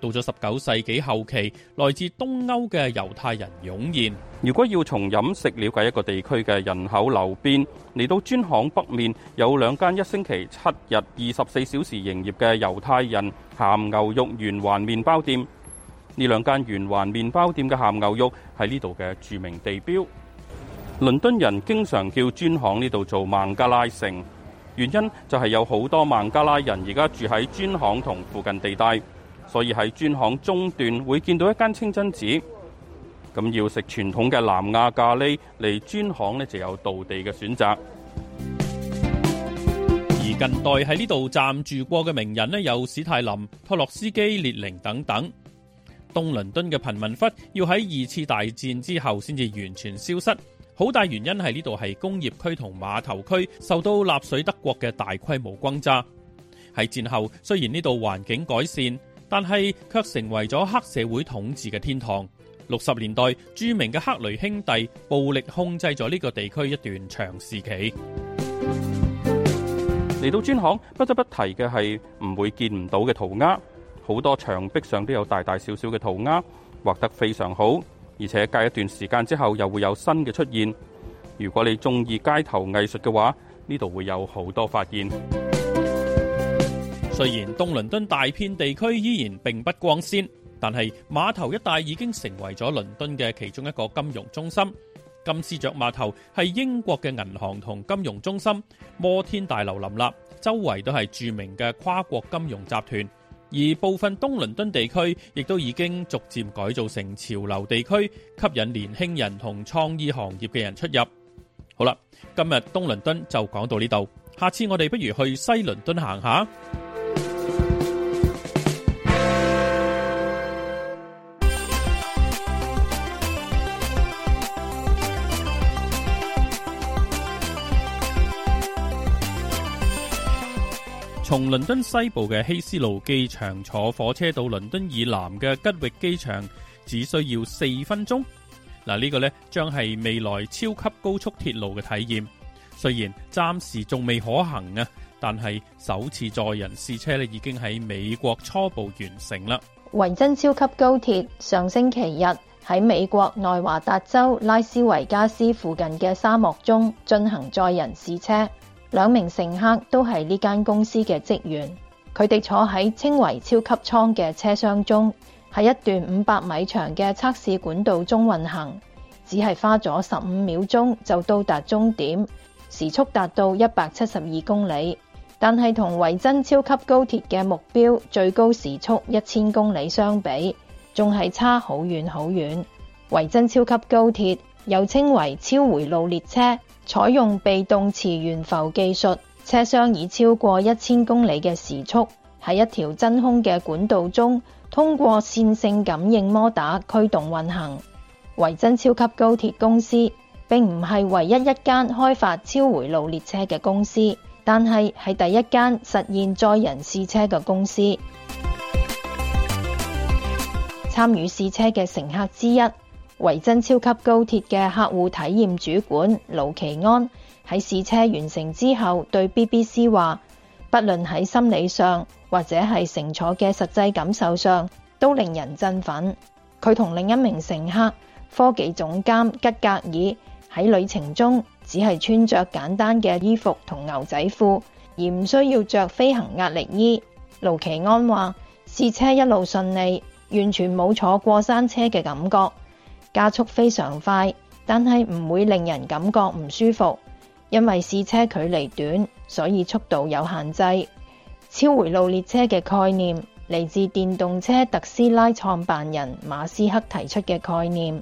到咗十九世紀後期，來自東歐嘅猶太人湧現。如果要從飲食了解一個地區嘅人口流變，嚟到磚巷北面有兩間一星期七日二十四小時營業嘅猶太人鹹牛肉圓環麵包店。呢兩間圓環麵包店嘅鹹牛肉係呢度嘅著名地標。倫敦人經常叫磚巷呢度做孟加拉城，原因就係有好多孟加拉人而家住喺磚巷同附近地帶，所以喺磚巷中段會見到一間清真寺。咁要食傳統嘅南亞咖喱，嚟磚巷呢就有道地嘅選擇。而近代喺呢度暫住過嘅名人呢，有史泰林、托洛斯基、列寧等等。東倫敦嘅貧民窟要喺二次大戰之後先至完全消失。好大原因係呢度係工業區同碼頭區受到納粹德國嘅大規模轟炸。係戰後，雖然呢度環境改善，但係卻成為咗黑社會統治嘅天堂。六十年代，著名嘅克雷兄弟暴力控制咗呢個地區一段長時期。嚟到磚巷，不得不提嘅係唔會見唔到嘅塗鴉，好多牆壁上都有大大小小嘅塗鴉，畫得非常好。而且隔一段時間之後，又會有新嘅出現。如果你中意街頭藝術嘅話，呢度會有好多發現。雖然東倫敦大片地區依然並不光鮮，但係碼頭一帶已經成為咗倫敦嘅其中一個金融中心。金絲雀碼頭係英國嘅銀行同金融中心，摩天大樓林立，周圍都係著名嘅跨國金融集團。而部分東倫敦地區亦都已經逐漸改造成潮流地區，吸引年輕人同創意行業嘅人出入。好啦，今日東倫敦就講到呢度，下次我哋不如去西倫敦行下。從倫敦西部嘅希斯路機場坐火車到倫敦以南嘅吉域機場，只需要四分鐘。嗱，呢個呢將係未來超級高速鐵路嘅體驗。雖然暫時仲未可行啊，但係首次載人試車咧已經喺美國初步完成啦。維珍超級高鐵上星期日喺美國內華達州拉斯維加斯附近嘅沙漠中進行載人試車。兩名乘客都係呢間公司嘅職員，佢哋坐喺稱為超級艙嘅車廂中，喺一段五百米長嘅測試管道中運行，只係花咗十五秒鐘就到達終點，時速達到一百七十二公里。但係同維珍超級高鐵嘅目標最高時速一千公里相比，仲係差好遠好遠。維珍超級高鐵又稱為超回路列車。採用被動磁懸浮技術，車廂以超過一千公里嘅時速喺一條真空嘅管道中，通過線性感應摩打驅動運行。維珍超級高鐵公司並唔係唯一一間開發超回路列車嘅公司，但係係第一間實現載人試車嘅公司。參與試車嘅乘客之一，維珍超級高鐵嘅客戶體驗主管盧奇安喺試車完成之後，對 BBC 話：「不論喺心理上或者係乘坐嘅實際感受上，都令人振奮。」佢同另一名乘客科技總監吉格爾喺旅程中只係穿着簡單嘅衣服同牛仔褲，而唔需要着飛行壓力衣。盧奇安話：「試車一路順利，完全冇坐過山車嘅感覺。」加速非常快，但係唔會令人感覺唔舒服，因為試車距離短，所以速度有限制。超回路列車嘅概念嚟自電動車特斯拉創辦人馬斯克提出嘅概念，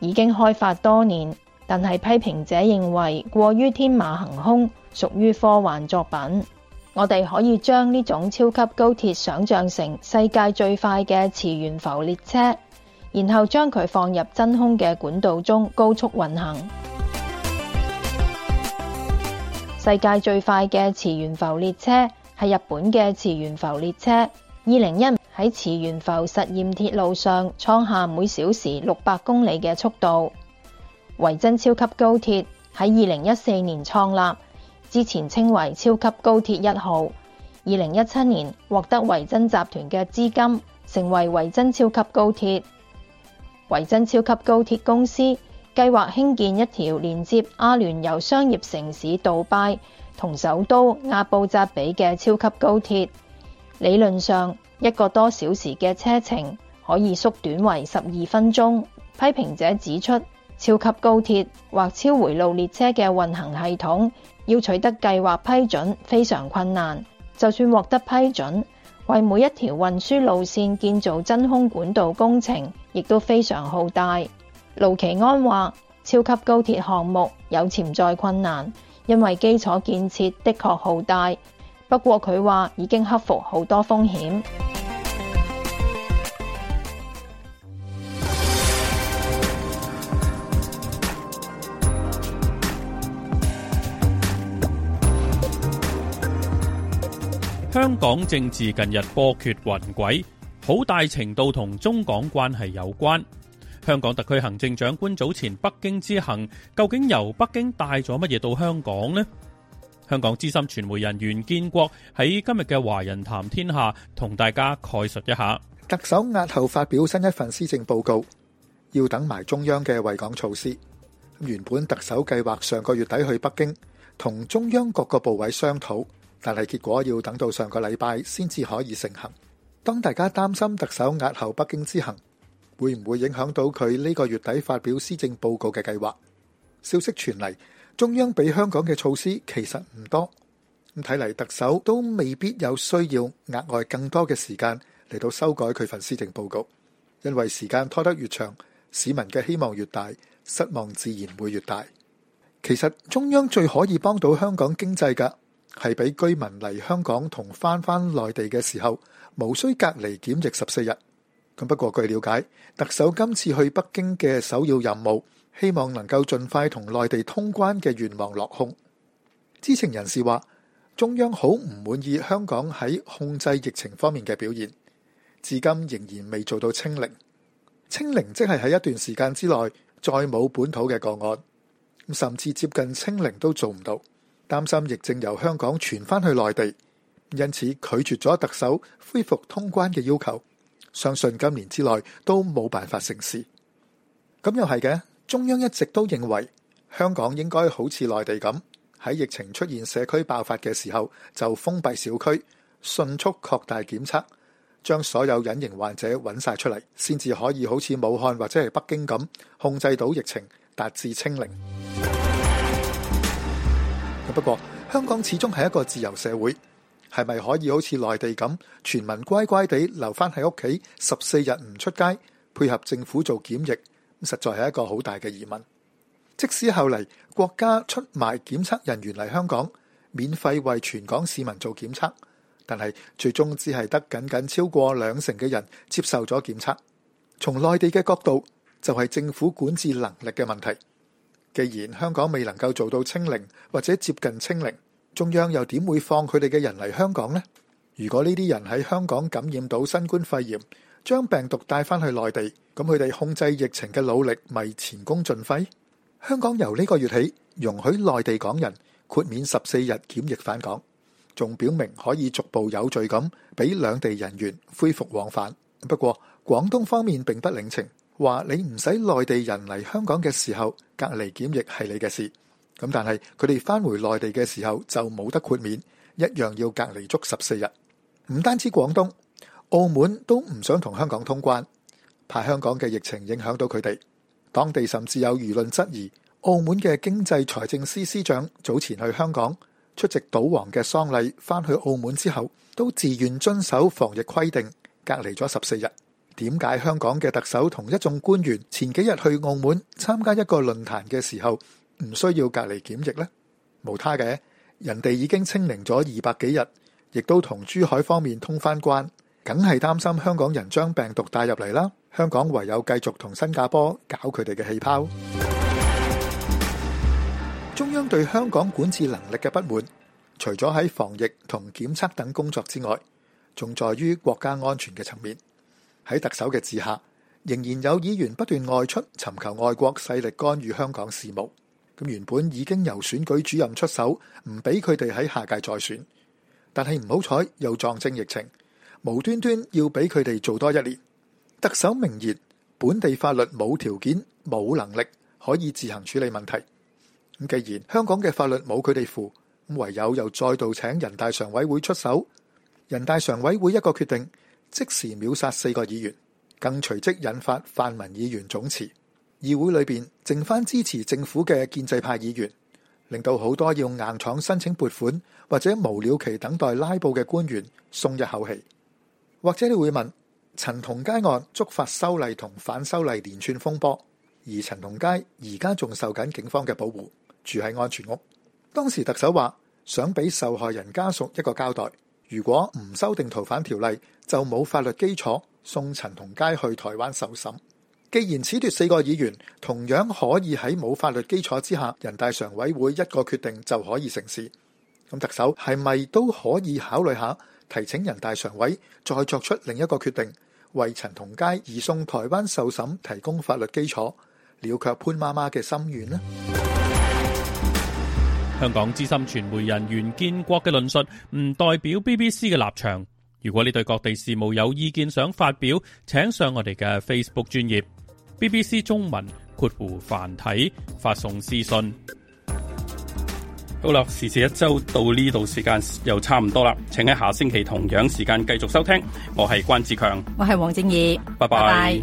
已經開發多年，但係批評者認為過於天馬行空，屬於科幻作品。我哋可以將呢種超級高鐵想象成世界最快嘅磁懸浮列車。然後將佢放入真空嘅管道中，高速運行。世界最快嘅磁懸浮列車係日本嘅磁懸浮列車。二零一喺磁懸浮實驗鐵路上創下每小時六百公里嘅速度。維珍超級高鐵喺二零一四年創立，之前稱為超級高鐵一號。二零一七年獲得維珍集團嘅資金，成為維珍超級高鐵。維珍超級高鐵公司計劃興建一條連接阿聯酋商業城市杜拜同首都阿布扎比嘅超級高鐵，理論上一個多小時嘅車程可以縮短為十二分鐘。批評者指出，超級高鐵或超回路列車嘅運行系統要取得計劃批准非常困難，就算獲得批准，為每一條運輸路線建造真空管道工程，亦都非常浩大。盧奇安話：超級高鐵項目有潛在困難，因為基礎建設的確浩大。不過佢話已經克服好多風險。香港政治近日波譎雲詭，好大程度同中港關係有關。香港特區行政長官早前北京之行，究竟由北京帶咗乜嘢到香港呢？香港資深傳媒人袁建國喺今日嘅《華人談天下》同大家概述一下。特首押後發表新一份施政報告，要等埋中央嘅惠港措施。原本特首計劃上個月底去北京，同中央各個部委商討。但係結果要等到上個禮拜先至可以成行。當大家擔心特首押後北京之行，會唔會影響到佢呢個月底發表施政報告嘅計劃？消息傳嚟，中央俾香港嘅措施其實唔多咁，睇嚟，特首都未必有需要額外更多嘅時間嚟到修改佢份施政報告，因為時間拖得越長，市民嘅希望越大，失望自然會越大。其實中央最可以幫到香港經濟噶。係俾居民嚟香港同翻翻內地嘅時候，無需隔離檢疫十四日。咁不過據了解，特首今次去北京嘅首要任務，希望能夠盡快同內地通關嘅願望落空。知情人士話，中央好唔滿意香港喺控制疫情方面嘅表現，至今仍然未做到清零。清零即係喺一段時間之內再冇本土嘅個案，甚至接近清零都做唔到。擔心疫症由香港傳翻去內地，因此拒絕咗特首恢復通關嘅要求。相信今年之內都冇辦法成事。咁又係嘅，中央一直都認為香港應該好似內地咁，喺疫情出現社區爆發嘅時候就封閉小區，迅速擴大檢測，將所有隱形患者揾晒出嚟，先至可以好似武漢或者係北京咁控制到疫情達至清零。不過香港始終係一個自由社會，係咪可以好似內地咁，全民乖乖地留翻喺屋企十四日唔出街，配合政府做檢疫，實在係一個好大嘅疑問。即使後嚟國家出埋檢測人員嚟香港，免費為全港市民做檢測，但係最終只係得僅僅超過兩成嘅人接受咗檢測。從內地嘅角度，就係、是、政府管治能力嘅問題。既然香港未能夠做到清零或者接近清零，中央又點會放佢哋嘅人嚟香港呢？如果呢啲人喺香港感染到新冠肺炎，將病毒帶翻去內地，咁佢哋控制疫情嘅努力咪前功盡廢？香港由呢個月起容許內地港人豁免十四日檢疫返港，仲表明可以逐步有序咁俾兩地人員恢復往返。不過廣東方面並不領情。話你唔使內地人嚟香港嘅時候，隔離檢疫係你嘅事，咁但係佢哋返回內地嘅時候，就冇得豁免，一樣要隔離足十四日。唔單止廣東，澳門都唔想同香港通關，怕香港嘅疫情影響到佢哋。當地甚至有輿論質疑澳門嘅經濟財政司司長早前去香港出席賭王嘅喪禮，返去澳門之後都自願遵守防疫規定，隔離咗十四日。點解香港嘅特首同一眾官員前幾日去澳門參加一個論壇嘅時候，唔需要隔離檢疫呢？無他嘅，人哋已經清零咗二百幾日，亦都同珠海方面通返關，梗係擔心香港人將病毒帶入嚟啦。香港唯有繼續同新加坡搞佢哋嘅氣泡。中央對香港管治能力嘅不滿，除咗喺防疫同檢測等工作之外，仲在於國家安全嘅層面。喺特首嘅治下，仍然有議員不斷外出尋求外國勢力干預香港事務，咁原本已經由選舉主任出手，唔俾佢哋喺下屆再選，但係唔好彩又撞正疫情，無端端要俾佢哋做多一年。特首明言，本地法律冇條件、冇能力可以自行處理問題，咁既然香港嘅法律冇佢哋符，咁唯有又再度請人大常委會出手。人大常委會一個決定。即時秒殺四個議員，更隨即引發泛民議員總辭，議會裏邊剩翻支持政府嘅建制派議員，令到好多要硬闖申請撥款或者無了期等待拉布嘅官員鬆一口氣。或者你會問，陳同佳案觸發修例同反修例連串風波，而陳同佳而家仲受緊警方嘅保護，住喺安全屋。當時特首話想俾受害人家屬一個交代。如果唔修訂逃犯條例，就冇法律基礎送陳同佳去台灣受審。既然褫奪四個議員，同樣可以喺冇法律基礎之下，人大常委會一個決定就可以成事。咁特首係咪都可以考慮下提請人大常委再作出另一個決定，為陳同佳移送台灣受審提供法律基礎，了卻潘媽媽嘅心願呢？香港資深傳媒人袁建國嘅論述唔代表 BBC 嘅立場。如果你對各地事務有意見想發表，請上我哋嘅 Facebook 專業 BBC 中文括弧繁體發送私信。好啦，時事一周到呢度時間又差唔多啦，請喺下星期同樣時間繼續收聽。我係關志強，我係王正儀，拜拜。